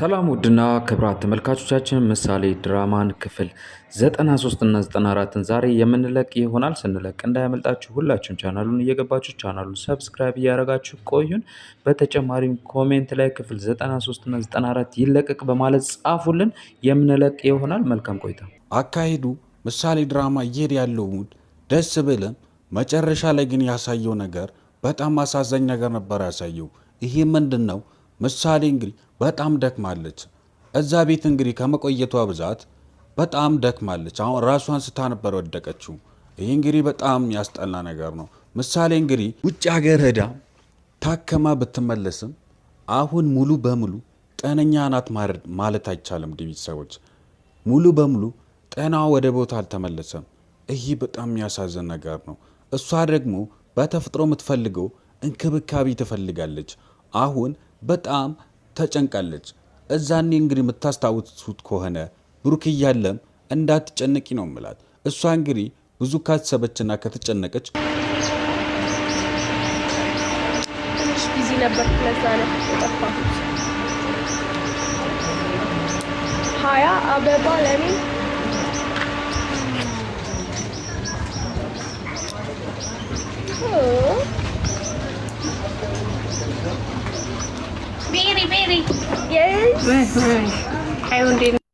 ሰላም ውድና ክብራት ተመልካቾቻችን ምሳሌ ድራማን ክፍል 93 እና 94ን ዛሬ የምንለቅ ይሆናል። ስንለቅ እንዳያመልጣችሁ ሁላችሁም ቻናሉን እየገባችሁ ቻናሉን ሰብስክራይብ እያደረጋችሁ ቆዩን። በተጨማሪም ኮሜንት ላይ ክፍል 93 እና 94 ይለቀቅ በማለት ጻፉልን። የምንለቅ ይሆናል። መልካም ቆይታ። አካሄዱ ምሳሌ ድራማ እየሄድ ያለው ሙድ ደስ ብልም፣ መጨረሻ ላይ ግን ያሳየው ነገር በጣም አሳዛኝ ነገር ነበር ያሳየው። ይሄ ምንድን ነው? ምሳሌ እንግዲህ በጣም ደክማለች። እዛ ቤት እንግዲህ ከመቆየቷ ብዛት በጣም ደክማለች። አሁን ራሷን ስታ ነበር ወደቀችው። ይህ እንግዲህ በጣም ያስጠላ ነገር ነው። ምሳሌ እንግዲህ ውጭ ሀገር ሄዳ ታከማ ብትመለስም አሁን ሙሉ በሙሉ ጤነኛ ናት ማለት አይቻልም። ሰዎች ሙሉ በሙሉ ጤናዋ ወደ ቦታ አልተመለሰም። ይህ በጣም የሚያሳዝን ነገር ነው። እሷ ደግሞ በተፈጥሮ የምትፈልገው እንክብካቤ ትፈልጋለች። አሁን በጣም ተጨንቃለች። እዛኔ እንግዲህ የምታስታውሱት ከሆነ ብሩክ እያለም እንዳትጨነቂ ነው ምላት። እሷ እንግዲህ ብዙ ካሰበችና ከተጨነቀች ነበር ለዛ ነው የጠፋሁት ሀያ አበባ ለእኔ Yes. Right, right. I not